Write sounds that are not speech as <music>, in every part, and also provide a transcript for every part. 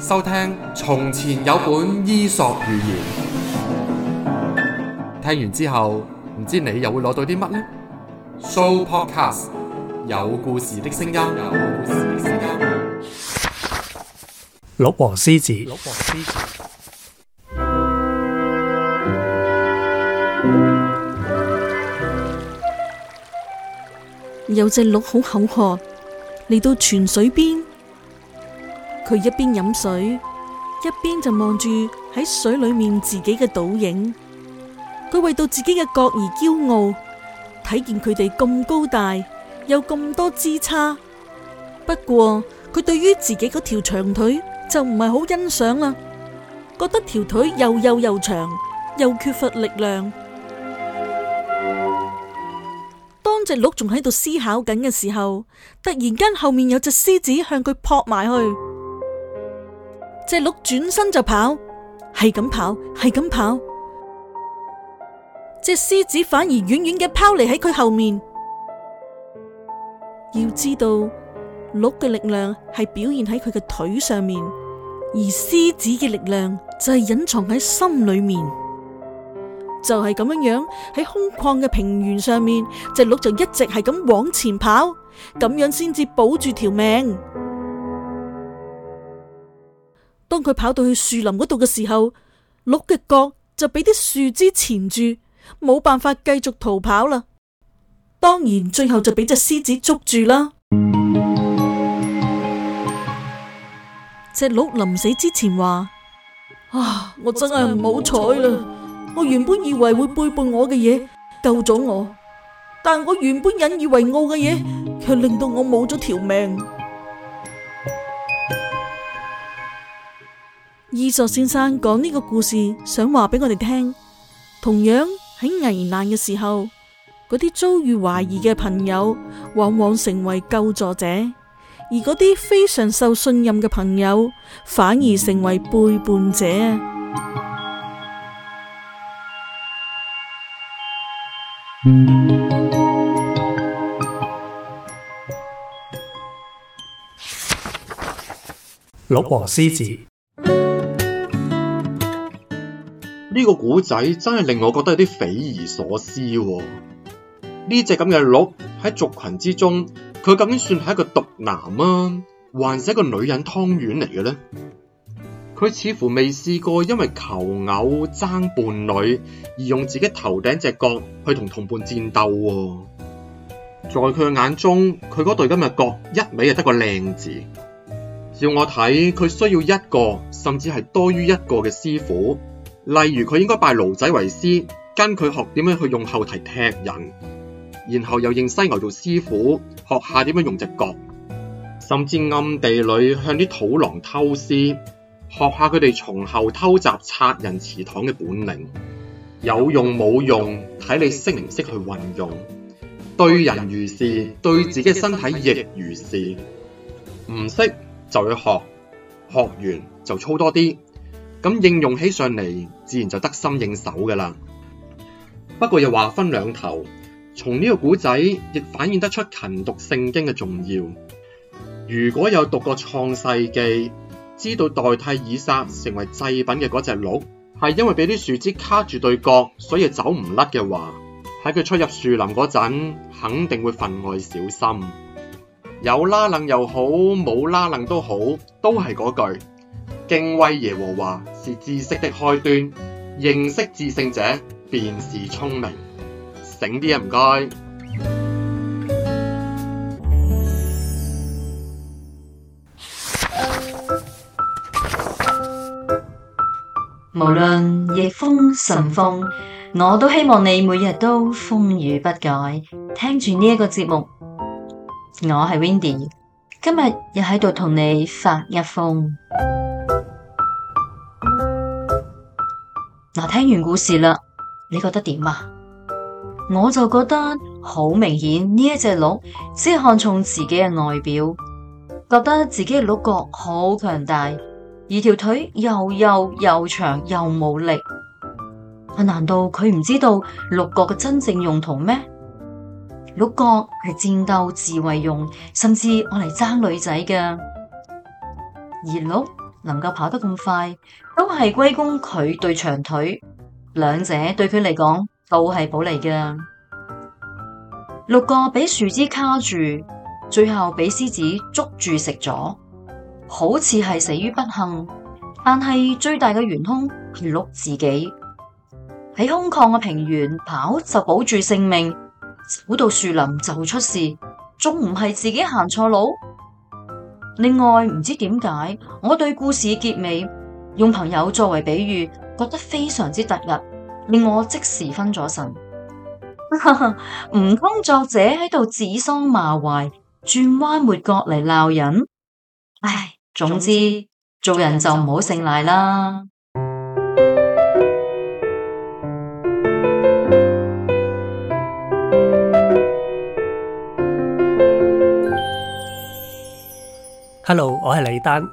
收聽從前有本伊索寓言，聽完之後唔知你又會攞到啲乜呢？Sooopodcast 有故事的聲音，鹿和獅子， <music> 鹿和獅子。有隻鹿好口渴，嚟到泉水邊。佢一邊飲水，一邊就望住喺水裏面自己嘅倒影。佢為到自己嘅角而驕傲，睇見佢哋咁高大，有咁多枝叉。不過佢對於自己嗰條長腿就唔係好欣賞啦，覺得條腿又幼又長，又缺乏力量。當隻鹿仲喺度思考緊嘅時候，突然間後面有隻獅子向佢撲埋去。隻鹿轉身就跑，係咁跑，係咁跑。隻獅子反而遠遠嘅拋離喺佢後面。要知道，鹿嘅力量係表現喺佢嘅腿上面，而獅子嘅力量就係隱藏喺心裏面。就係咁樣樣喺空曠嘅平原上面，隻鹿就一直係咁往前跑，咁樣先至保住條命。當佢跑到去樹林嗰度嘅時候，鹿嘅角就俾啲樹枝纏住，冇辦法繼續逃跑啦。當然，最後就俾隻獅子捉住啦。隻 <music> 鹿臨死之前話：啊，我真係唔好彩啦！我原本以為會背叛我嘅嘢，救咗我，但我原本引以為傲嘅嘢，却令到我冇咗條命。伊索先生講呢個故事，想話俾我哋聽。同樣喺危難嘅時候，嗰啲遭遇懷疑嘅朋友，往往成為救助者；而嗰啲非常受信任嘅朋友，反而成為背叛者啊！鹿和獅子。呢個古仔真係令我覺得有啲匪夷所思喎。呢隻咁嘅鹿喺族群之中，佢究竟算係一個毒男啊，還是一個女人湯圓嚟嘅呢？佢似乎未試過因為求偶爭伴侶而用自己頭頂隻角去同同伴戰鬥喎。在佢眼中，佢嗰對今日角一味係得個靚字。要我睇，佢需要一個，甚至係多於一個嘅師傅。例如佢應該拜驢仔為師，跟佢學點樣去用後蹄踢人，然後又認犀牛做師傅，學下點樣用隻角，甚至暗地裏向啲土狼偷師，學下佢哋從後偷襲拆人祠堂嘅本領。有用冇用，睇你識唔識去運用。對人如是，對自己嘅身體亦如是。唔識就要學，學完就操多啲。咁應用起上嚟，自然就得心應手㗎喇。不過又話分兩頭，從呢個古仔亦反映得出勤讀聖經嘅重要。如果有讀過創世記，知道代替以撒成為祭品嘅嗰隻鹿，係因為俾啲樹枝卡住對角，所以走唔甩嘅話，喺佢出入樹林嗰陣，肯定會分外小心。有拉楞又好，冇拉楞都好，都係嗰句。敬畏耶和華是知識的開端，認識至聖者便是聰明。醒啲啊唔該！無論逆風順風，我都希望你每日都風雨不改，聽住呢一個節目。我係 Windy，今日又喺度同你發一風。嗱，聽完故事啦，你覺得點啊？我就覺得好明顯，呢一隻鹿只看重自己嘅外表，覺得自己嘅鹿角好強大，而條腿又幼又長又冇力。啊，難道佢唔知道鹿角嘅真正用途咩？鹿角係戰鬥自衛用，甚至我嚟爭女仔嘅而鹿。能夠跑得咁快，都係歸功佢對長腿。兩者對佢嚟講，都係寶嚟噶。鹿個俾樹枝卡住，最後俾獅子捉住食咗，好似係死於不幸。但係最大嘅元兇係鹿自己，喺空曠嘅平原跑就保住性命，走到樹林就出事，仲唔係自己行錯路？另外唔知點解，我對故事結尾用朋友作為比喻，覺得非常之突兀，令我即時分咗神。唔 <laughs> 通作者喺度指桑罵槐，轉彎抹角嚟鬧人？唉、哎，總之做人就唔好盛賴啦。哎 Hello，我係李丹。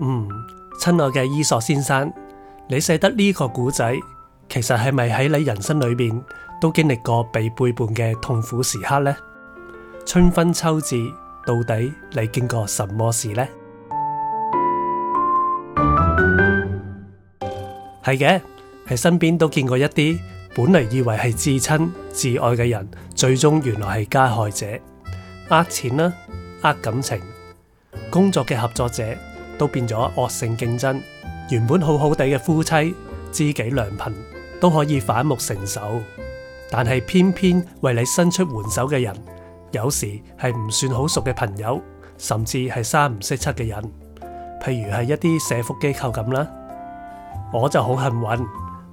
嗯，親愛嘅伊索先生，你寫得呢個古仔，其實係咪喺你人生裏邊都經歷過被背叛嘅痛苦時刻呢？春分秋至，到底你經過什麼事呢？係嘅，喺身邊都見過一啲本嚟以為係至親至愛嘅人，最終原來係加害者，呃錢啦，呃感情。工作嘅合作者都變咗惡性競爭，原本好好地嘅夫妻，知己良朋都可以反目成仇。但係偏偏為你伸出援手嘅人，有時係唔算好熟嘅朋友，甚至係三唔識七嘅人。譬如係一啲社福機構咁啦，我就好幸運，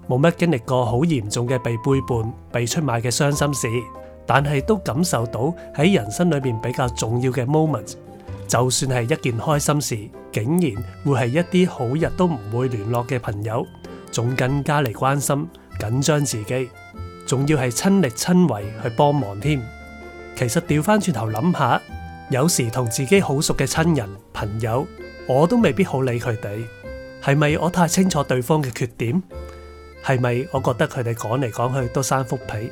冇乜經歷過好嚴重嘅被背叛，被出賣嘅傷心事，但係都感受到喺人生裏面比較重要嘅 moment。就算係一件開心事，竟然會係一啲好日都唔會聯絡嘅朋友，仲更加嚟關心緊張自己，仲要係親力親為去幫忙添。其實調返轉頭諗下，有時同自己好熟嘅親人朋友，我都未必好理佢哋。係咪我太清楚對方嘅缺點？係咪我覺得佢哋講嚟講去都三幅被，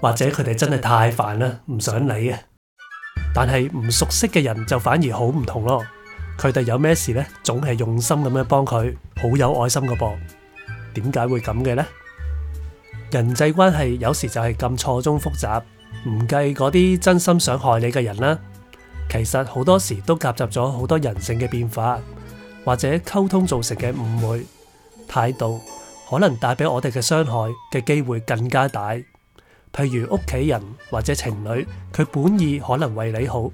或者佢哋真係太煩啦，唔想理啊？但係唔熟悉嘅人就反而好唔同咯，佢哋有咩事呢？總係用心咁樣幫佢，好有愛心嘅噃。點解會咁嘅呢？人際關係有時就係咁錯綜複雜，唔計嗰啲真心想害你嘅人啦，其實好多時都夾雜咗好多人性嘅變化，或者溝通造成嘅誤會、態度，可能帶俾我哋嘅傷害嘅機會更加大。譬如屋企人或者情侶，佢本意可能為你好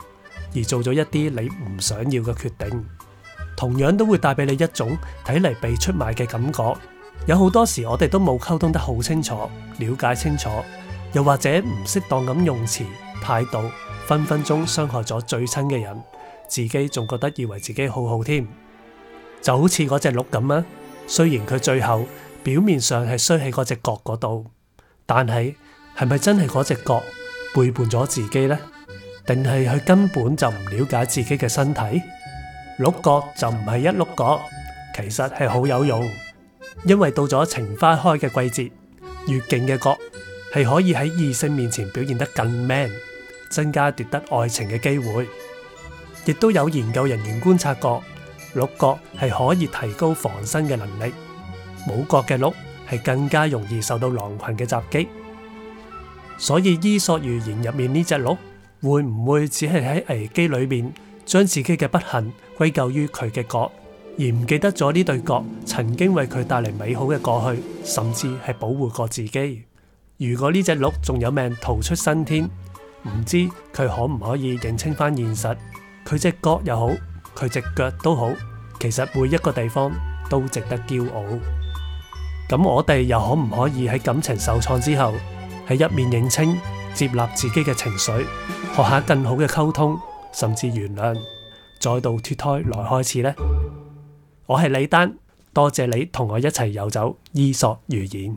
而做咗一啲你唔想要嘅決定，同樣都會帶俾你一種睇嚟被出賣嘅感覺。有好多時我哋都冇溝通得好清楚，了解清楚，又或者唔適當咁用詞態度，分分鐘傷害咗最親嘅人，自己仲覺得以為自己好好添，就好似嗰隻鹿咁啊。雖然佢最後表面上係衰喺嗰隻角嗰度，但係，係咪真係嗰隻角背叛咗自己呢？定係佢根本就唔了解自己嘅身體？鹿角就唔係一碌角，其實係好有用，因為到咗情花開嘅季節，越勁嘅角係可以喺異性面前表現得更 man，增加奪得愛情嘅機會。亦都有研究人員觀察過，鹿角係可以提高防身嘅能力，冇角嘅鹿係更加容易受到狼群嘅襲擊。所以伊索寓言入面呢隻鹿會唔會只係喺危機裏面將自己嘅不幸歸咎於佢嘅角，而唔記得咗呢對角曾經為佢帶嚟美好嘅過去，甚至係保護過自己？如果呢隻鹿仲有命逃出生天，唔知佢可唔可以認清翻現實？佢隻角又好，佢隻腳都好，其實每一個地方都值得驕傲。咁我哋又可唔可以喺感情受創之後？喺一面認清、接納自己嘅情緒，學下更好嘅溝通，甚至原諒，再度脫胎來開始呢。我係李丹，多謝你同我一齊游走伊索寓言。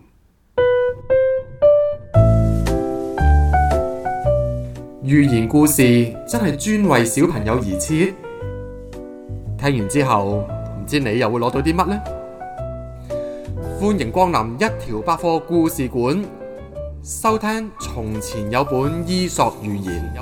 寓言故事真係專為小朋友而設，聽完之後唔知你又會攞到啲乜呢？歡迎光臨一條百貨故事館。收聽《從前有本伊索寓言》。